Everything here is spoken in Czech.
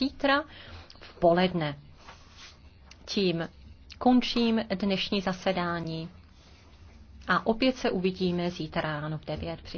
zítra v poledne. Tím končím dnešní zasedání a opět se uvidíme zítra ráno v 9.